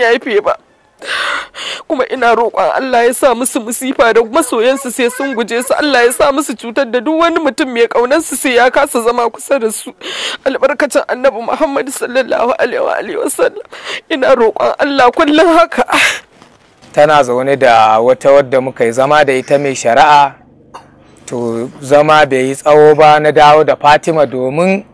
haife ba kuma ina roƙon Allah ya sa musu musifa da masoyansu sai sun guje su Allah ya sa musu cutar da duk wani mutum mai ƙaunarsu sai ya kasa zama kusa da su albarkacin annabi Muhammad sallallahu alaihi wa ina roƙon Allah kullum haka tana zaune da wata wadda muka yi zama da ita mai shari'a to zama bai yi tsawo ba na dawo da Fatima domin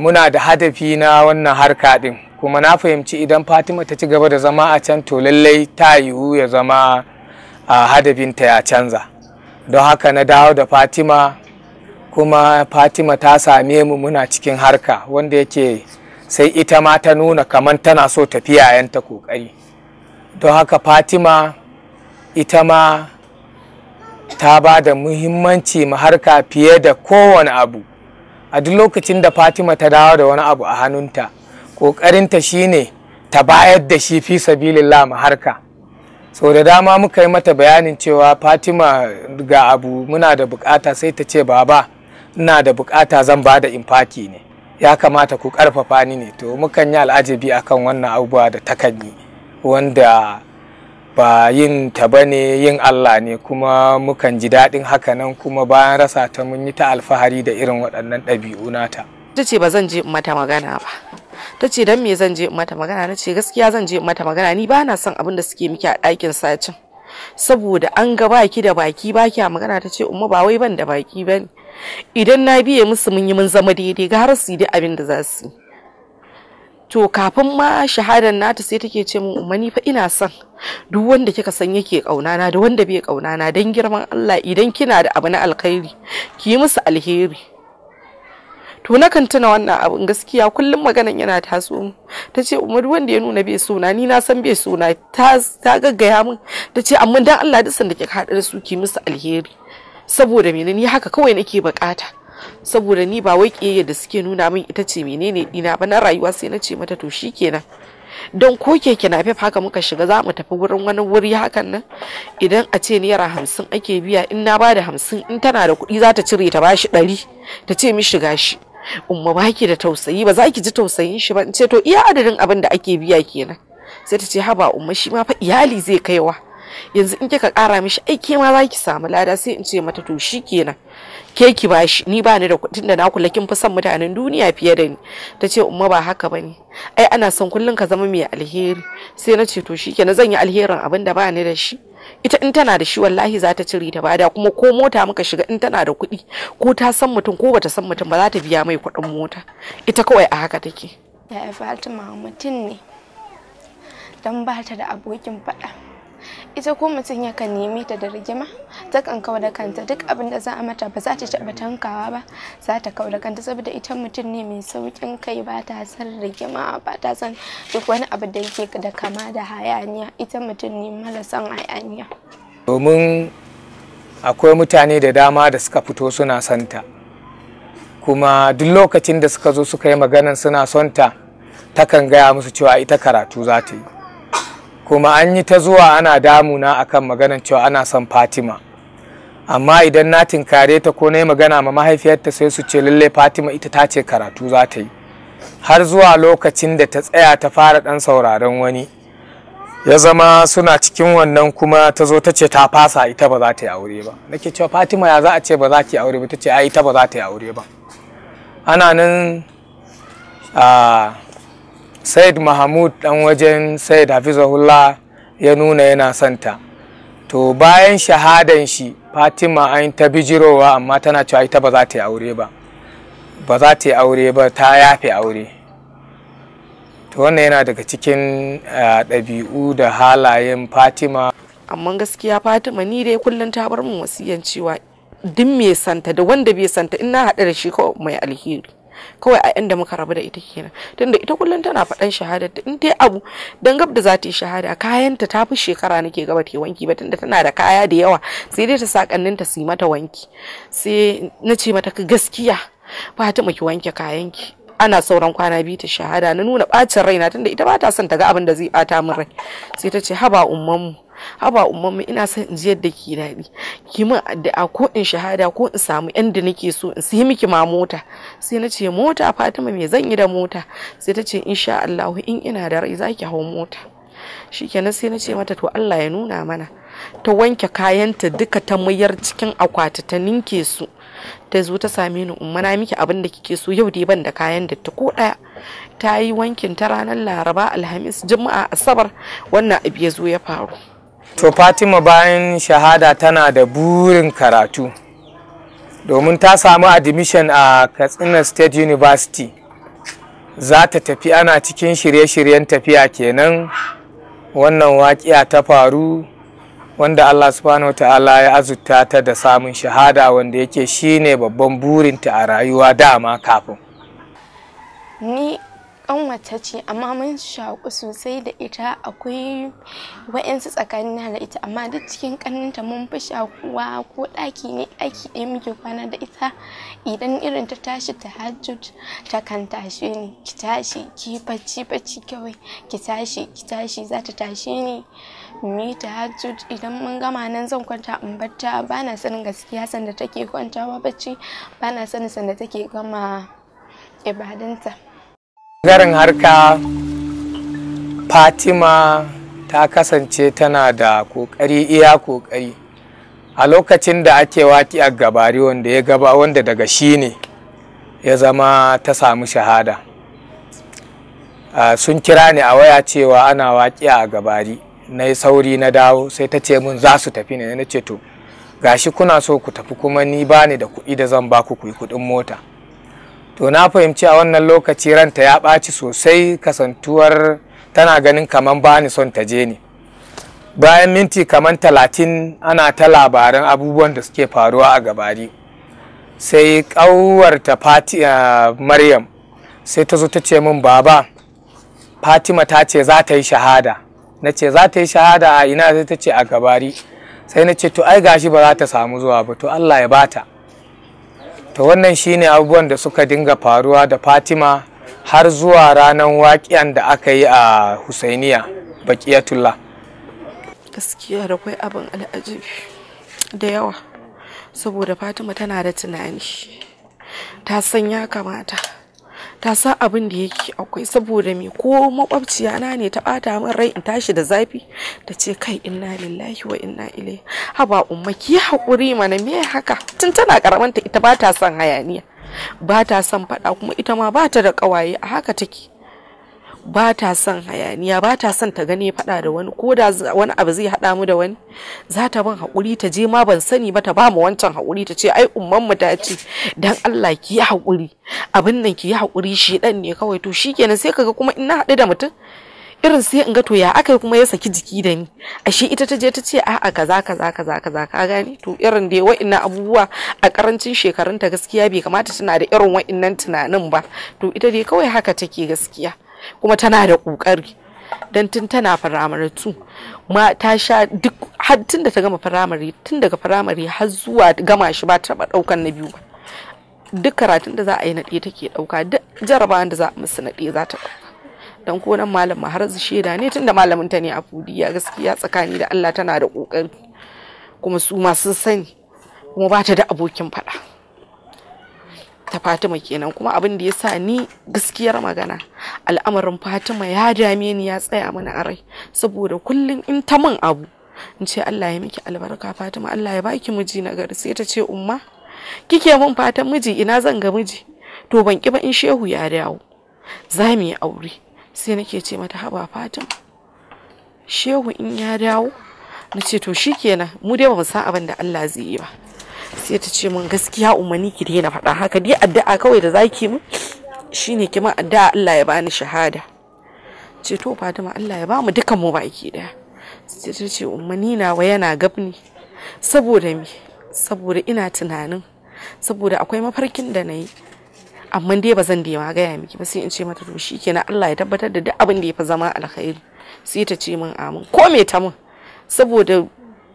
muna da hadafi na wannan harka din kuma na fahimci idan fatima ta ci gaba da zama a can to lallai ta yiwu ya zama a hadabinta ya canza don haka na dawo da fatima kuma fatima ta same mu muna cikin harka wanda yake sai ita ma ta nuna kamar tana so tafiya yanta kokari don haka fatima ita ma ta ba da muhimmanci ma harka fiye da kowane abu a duk lokacin da fatima ta dawo da wani abu a hannunta ƙoƙarinta shi ne ta bayar da shi fi sabilillah harka so da dama muka yi mata bayanin cewa fatima ga abu muna da bukata sai ta ce baba ina da bukata zan ba da infaki ne ya kamata ku karfafa ni ne to mukan yi al'ajabi akan wannan abubuwa da takan yi wanda ba yin ta ba ne yin Allah ne kuma mukan ji daɗin haka nan, kuma bayan rasa ta mun yi ta alfahari da irin waɗannan ɗabi'u nata. Ta ce ba zan je mata magana ba. ta ce dan me zan je mata magana na ce gaskiya zan je mata magana ni ba na son abin da suke miki a ɗakin sacin saboda an ga baki da baki baki a magana ta ce umma ba wai ban da baki ba ne. idan na biye musu mun yi mun zama daidai ga har su yi abin da za su yi to kafin ma shahadar nata sai take ce min umma ni fa ina son duk wanda kika san yake kaunana da wanda bai kaunana dan girman Allah idan kina da abu na alkhairi ki yi musu alheri to na kan tuna wannan abin gaskiya kullum maganan yana taso ta ce umar wanda ya nuna bai sona ni na san bai sona ta gaggaya min ta ce amma dan Allah duk sanda ke haɗu da su ki musu alheri saboda mene ni haka kawai nake bukata saboda ni ba wai ƙiyayya da suke nuna min ita ce menene dina ba na rayuwa sai na ce mata to shi kenan don ko keke na fef haka muka shiga za mu tafi wurin wani wuri hakan nan idan a ce naira hamsin ake biya in na bada hamsin in tana da kuɗi za ta cire ta bashi ɗari ta ce mishi shi. umma ba ki da tausayi ba za ki ji tausayin shi ba in ce to iya adadin abin da ake biya kenan sai ta ce haba umma shi ma fa iyali zai kaiwa yanzu in kika kara mishi aiki ma za ki samu lada sai in ce mata to shi kenan ke ki bashi ni ba ni da kuɗin da na kula kin fi son mutanen duniya fiye da ni ta ce umma ba haka ba ne ai ana son kullum ka zama mai alheri sai na ce to shi kenan zan yi alherin abin da ba ni da shi ita in tana da shi wallahi za ta cire ta bada kuma ko mota muka shiga in tana da kuɗi ko ta san mutum ko bata san mutum ba za ta biya mai kuɗin mota ita kawai a haka take ya fatima mutum ne dan ba ta da abokin faɗa ita ko mutum ya kan nemi ta da rigima ta kan kawo da kanta duk abin da za a mata ba za ta taɓa tankawa ba za ta kawo da kanta saboda ita mutum ne mai saukin kai ba ta san rigima ba ta san duk wani abu da yake da kama da hayaniya ita mutum ne mara son hayaniya domin akwai mutane da dama da suka fito suna santa kuma duk lokacin da suka zo suka yi maganan suna ta takan gaya musu cewa ita karatu za ta yi kuma an yi ta zuwa ana damuna akan maganan cewa ana son fatima amma idan na tinkare ta ko na yi magana ma mahaifiyarta sai su ce lalle fatima ita ta ce karatu za ta yi har zuwa lokacin da ta tsaya ta fara ɗan sauraron wani ya zama suna cikin wannan kuma ta zo ta ce ta fasa ita ba za ta yi aure ba nake cewa fatima ya za a ce ba za ki aure ba ta ce ai ita ba za ta yi aure ba ana nan said mahmud dan wajen said hafizahullah ya nuna yana santa to bayan shahadan shi fatima an ta bijirowa amma tana cewa ita ba za ta yi aure ba ba za ta yi aure ba ta yafe aure to wannan yana daga cikin dabi'u da halayen fatima amma gaskiya fatima ni dai kullum ta bar min wasiyan cewa duk mai santa da wanda bai santa ina hada da shi kawai mai alheri kawai a inda muka rabu da ita kenan tunda ita kullum tana faɗan shahada in ta abu dan gab da za ta yi shahada kayanta ta fi shekara nake gaba ta wanki ba tunda tana da kaya da yawa sai dai ta sa ta su mata wanki sai na ce mata gaskiya ba ta maki wanke kayanki ana sauran kwana biyu ta shahada na nuna bacin raina tunda ita ba ta son ta ga abin da zai bata min rai sai ta ce haba ummanmu mu haba umman ina son in ji yadda ki daɗi ki min addu'a ko in shahada ko in samu yan da nake so in sai miki ma mota sai na ce mota Fatima me zan yi da mota sai ta ce insha Allah in ina da rai zaki hau mota shikenan sai na ce mata to Allah ya nuna mana ta wanke kayanta duka ta mayar cikin akwati ta ninke su ta zo ta same ni umma na miki abin da kike so yau dai ban da kayan da ta ko daya ta yi wankin ta ranar laraba alhamis juma'a asabar wannan abu ya zo ya faru to fatima bayan shahada tana da burin karatu domin ta samu admission a katsina state university za ta tafi ana cikin shirye-shiryen tafiya kenan wannan waƙiya ta faru wanda allah subhanahu ta'ala ya azurta ta da samun shahada wanda yake shine babban burinta a rayuwa dama kafin ni kanwata ce amma mun shaƙu sosai da ita akwai wa'yansu tsakanina da ita amma duk cikin ƙaninta mun fi shakuwa ko ɗaki ne ɗaki ɗaya muke kwana da ita idan irin ta tashi ta hajjud ta kan tashe ni ki tashi ki bacci bacci kawai ki tashi ki tashi za ta tashi ni mi ta hajjud idan mun gama nan zan kwanta in batta ba na sanin gaskiya sanda take kwantawa bacci ba na sanin sanda take gama ibadanta. Bangaren harka Fatima ta kasance tana da kokari iya kokari a lokacin da ake waki a gabari wanda ya gaba wanda daga shi ne ya zama ta samu shahada sun kira ni a waya cewa ana waki a gabari na yi sauri na dawo sai ta ce mun za su tafi ne na ce to gashi kuna so ku tafi kuma ni ba ni da kuɗi da zan ba ku kuyi kuɗin mota to na fahimci a wannan lokaci ranta ya ɓaci sosai kasantuwar tana ganin kaman ba ni son ta je ni bayan minti kaman talatin ana ta labaran abubuwan da suke faruwa a gabari sai Fati ƙawarta maryam sai ta zo ta ce min baba fatima ta ce za ta yi shahada na ce za ta yi shahada a ina sai ta ce a gabari sai na ce to ai gashi ba za ta samu zuwa ba to allah ya bata to wannan shine abubuwan da suka dinga faruwa da fatima har zuwa ranar waƙiyan da aka yi a husainiya baƙiyatullah gaskiya da kwai abin al'ajabi da yawa saboda fatima tana da tunani ta san ya kamata ta sa abin da yake akwai saboda me ko makwabciya na ne ta bata min rai in tashi da zafi ta ce kai inna lillahi wa inna ilaihi haba umma ki hakuri mana me haka tun tana karamanta ita bata son hayaniya bata son faɗa kuma ita ma bata da ƙawaye a haka take ba ta son hayaniya ba ta son ta gane faɗa da wani ko da wani abu zai haɗa mu da wani za ta ban haƙuri ta je ma ban sani ba ta ba mu wancan haƙuri ta ce ai umman mu ta ce dan Allah ki yi haƙuri abin nan ki yi haƙuri shi dan ne kawai to shikenan sai kaga kuma in na haɗu da mutum irin sai in ga to ya aka kuma ya saki jiki da ni ashe ita ta je ta ce a'a kaza kaza kaza kaza ka gani to irin da wa'annan abubuwa a karancin shekarunta gaskiya bai kamata tana da irin wa'annan tunanin ba to ita dai kawai haka take gaskiya kuma tana da ƙoƙari don tun tana firamare tu ma ta sha duk har tun da ta gama firamare tun daga firamare har zuwa gama shi ba ta ɗaukan na biyu ba duk karatun da za a yi na ɗaya take ɗauka duk jarabawan da za a musu na ɗaya za ta ɗauka dan ko nan malam har shaida ne da malamin ta ne a fudiya gaskiya tsakani da Allah tana da ƙoƙari. kuma su ma sun sani kuma ba ta da abokin faɗa ta Fatima kenan kuma abin da ya sa ni gaskiyar magana al'amarin Fatima ya dame ni ya tsaya mana a rai saboda kullum in ta min abu in ce Allah ya miki albarka Fatima Allah ya baki miji na gari sai ta ce umma kike min fatan miji ina zan ga miji to ban ki ba in shehu ya dawo za mu yi aure sai nake ce mata haba Fatima shehu in ya dawo na ce to shikenan mu dai ba mu san abin da Allah zai yi ba sai ta ce min gaskiya umarni ki daina faɗa haka dai addu'a kawai da zaki min shine ki ma addu'a Allah ya bani shahada ce to Fatima Allah ya ba mu dukan mu baki daya sai ta ce umarni wa yana gabni saboda me saboda ina tunanin saboda akwai mafarkin da na yi amma dai ba zan dema gaya miki ba sai in ce mata to shikenan Allah ya tabbatar da duk abin da ya fi zama alkhairi sai ta ce min amin ko me ta min saboda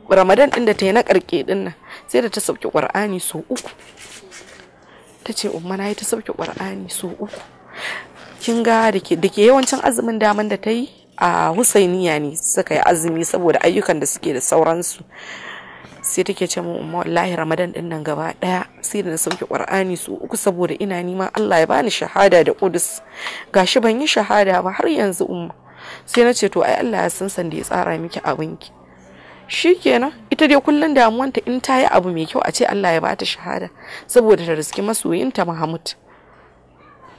ramadan din da ta yi na karke din nan sai da ta sauke qur'ani so uku ta ce umma na yi ta sauke qur'ani so uku kin ga da ke yawancin azumin daman da ta yi a husainiya ne suka yi azumi saboda ayyukan da suke da sauransu sai take ce mun umma wallahi ramadan din nan gaba daya sai da na sauke qur'ani so uku saboda ina nima Allah ya bani shahada da qudus gashi ban yi shahada ba har yanzu umma sai na ce to ai Allah ya san san da ya tsara miki abinki shi kenan ita dai kullum damuwanta in ta yi abu mai kyau a ce Allah ya bata shahada saboda ta riski masoyinta mahamud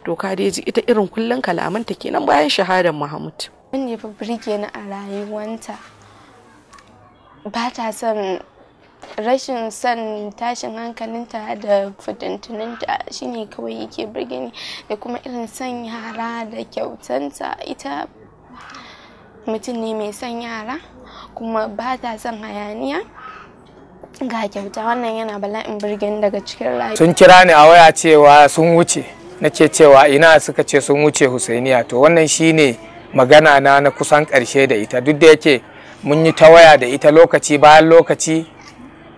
to ka dai ji ita irin kullum kalamanta kenan bayan shahadar Mahmud ne fa birge ni a rayuwanta ba ta son rashin son tashin hankalinta da fitintuninta shine kawai yake birge ni da kuma irin son yara da kyautanta ita mutum ne mai son yara kuma ba ta son hayaniya ga kyauta wannan yana bala'in birgin daga cikin rayuwa sun kira ni a waya cewa sun wuce nake cewa ina suka ce sun wuce husainiya to wannan shine magana na na kusan karshe da ita duk da yake mun yi ta waya da ita lokaci bayan lokaci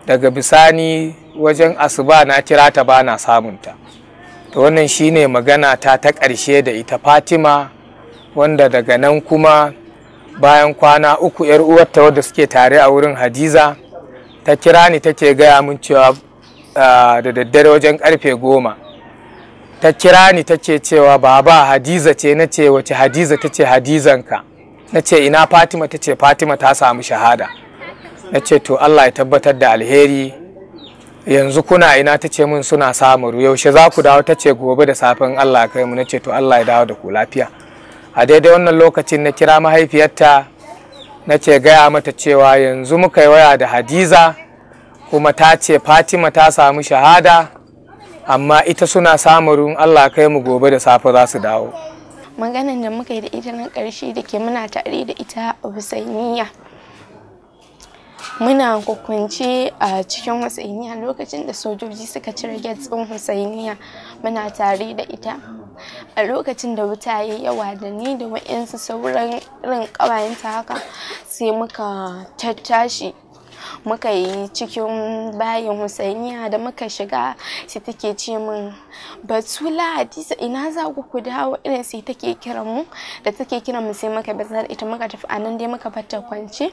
daga bisani wajen asuba na kira ta ba na samunta to wannan shine magana ta ta karshe da ita fatima wanda daga nan kuma bayan kwana uku yar uwarta wadda suke tare a wurin hadiza ta kira ni take gaya mun cewa ah, da daddare wajen karfe goma ta kira ni take cewa baba hadiza ce na ce wace hadiza ta ce hadizanka na ce ina fatima ta ce fatima ta samu shahada na ce to allah ya tabbatar da alheri yanzu kuna ina ta ce min suna samu yaushe za ku dawo ta ce gobe da safin allah kai mu na ce to allah ya dawo da ku lafiya a daidai wannan lokacin na kira mahaifiyarta na ce gaya mata cewa yanzu muka yi waya da hadiza kuma ta ce fatima ta samu shahada amma ita suna samun allah kai mu gobe da safe za su dawo maganin da muka yi da ita na karshe da ke muna tare da ita a husainiya muna kwakwance a cikin husainiya lokacin da sojoji suka cire gate ɗin husainiya muna tare da ita a lokacin da wuta ya yawa da ni da wa'insu sauran irin ƙawayenta haka sai muka tattashi muka yi cikin bayan husainiya da muka shiga sai take ce min batula hadisa ina za ku ku dawo irin sai take kiran mu da take kiran mu sai muka bazar ita muka tafi anan dai muka fata kwance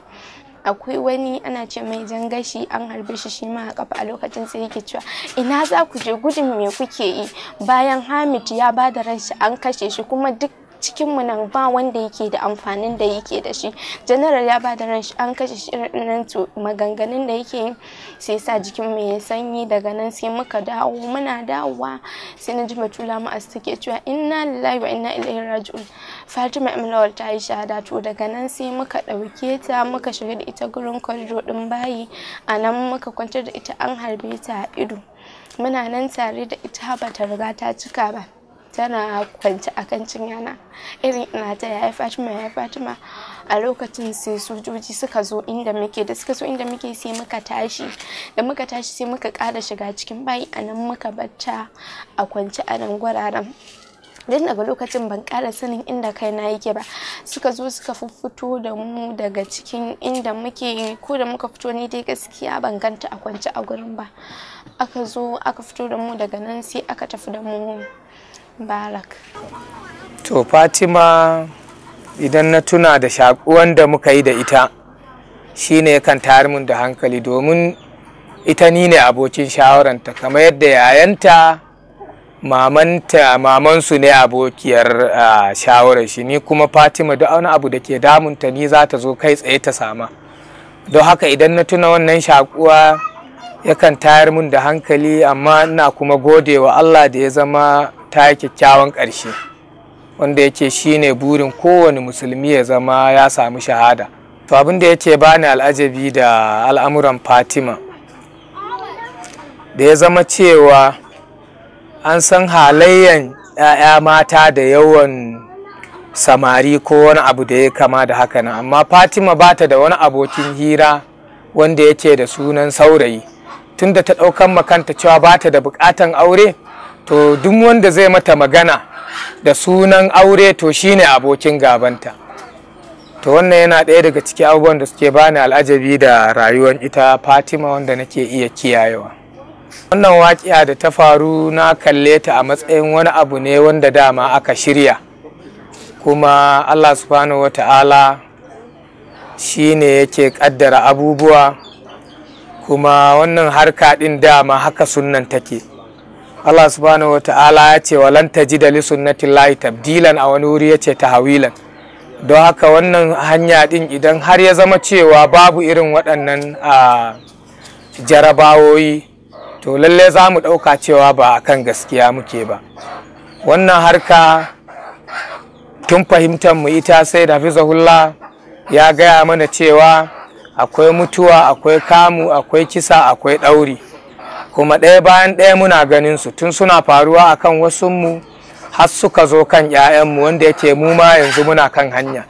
akwai wani ana ce mai jangashi an harbe shi shi ma a kafa a lokacin sai yake cewa ina za ku je gudun me kuke yi bayan hamid ya bada da shi an kashe shi kuma duk cikin mu nan ba wanda yake da amfanin da yake da shi general ya bada ran shi an kashe shi irin to maganganun da yake sai sa jikin mu ya sanyi daga nan sai muka dawo muna dawowa sai na ji matula mu as take cewa inna lillahi wa inna ilaihi raji'un fatima imlawal ta yi shahada to daga nan sai muka ɗauke ta muka shiga da ita gurin korido din bayi anan muka kwantar da ita an harbe ta ido muna nan tare da ita ba ta riga ta cika ba tana kwance a kan cinyana irin ina ta ya fatima ya fatima a lokacin sai sojoji suka zo inda muke da suka zo inda muke sai muka tashi da muka tashi sai muka kada shiga cikin bayi a nan muka bacca a kwance a nan gwararen don daga lokacin ban kara sanin inda kai na yake ba suka zo suka fito da mu daga cikin inda muke ko da muka fito ni dai gaskiya ban ganta a kwance a gurin ba aka zo aka fito da mu daga nan sai aka tafi da mu Barak. To Fatima idan na tuna da shakuwan da muka yi da ita shi ne kan tayar mun da hankali domin ita ni ne abokin shawaranta kamar yadda yayanta mamanta mamansu ne abokiyar shawarar shi ni kuma Fatima duk wani abu da ke damunta ni za ta zo kai tsaye ta sama don haka idan na tuna wannan shakuwa yakan tayar mun da hankali amma ina kuma godewa Allah da ya zama ta kyakkyawan ƙarshe wanda yake shine burin kowane musulmi ya zama ya samu shahada to abin da yake bani al'ajabi da al'amuran fatima da ya zama cewa an san halayyan 'ya'ya mata da yawan samari ko wani abu da ya kama da haka nan amma fatima ba ta da wani abokin hira wanda yake da sunan saurayi tunda ta ɗaukan makanta cewa ba ta da buƙatan aure to duk wanda zai mata magana da sunan aure to shine abokin gabanta to wannan yana ɗaya daga ciki abubuwan da suke bani al'ajabi da rayuwar ita fatima wanda nake iya kiyayewa wannan waƙiya da ta faru na kalle ta a matsayin wani abu ne wanda dama aka shirya kuma allah subhanahu wa ta'ala shi ne yake ƙaddara abubuwa kuma wannan harka ɗin dama haka sunnan take Allah subhanahu wa ta'ala ya ce wa lan tajida li sunnatillahi tabdilan a wani wuri ya ce tahawilan don haka wannan hanya din idan har ya zama cewa babu irin waɗannan jarabawoyi to lalle za mu ɗauka cewa ba a kan gaskiya muke ba wannan harka tun fahimtar mu ita sai da fizahullah ya gaya mana cewa akwai mutuwa akwai kamu akwai kisa akwai ɗauri kuma ɗaya bayan ɗaya muna ganin su tun suna faruwa akan wasunmu har suka zo kan 'ya'yanmu wanda yake mu ma yanzu muna kan hanya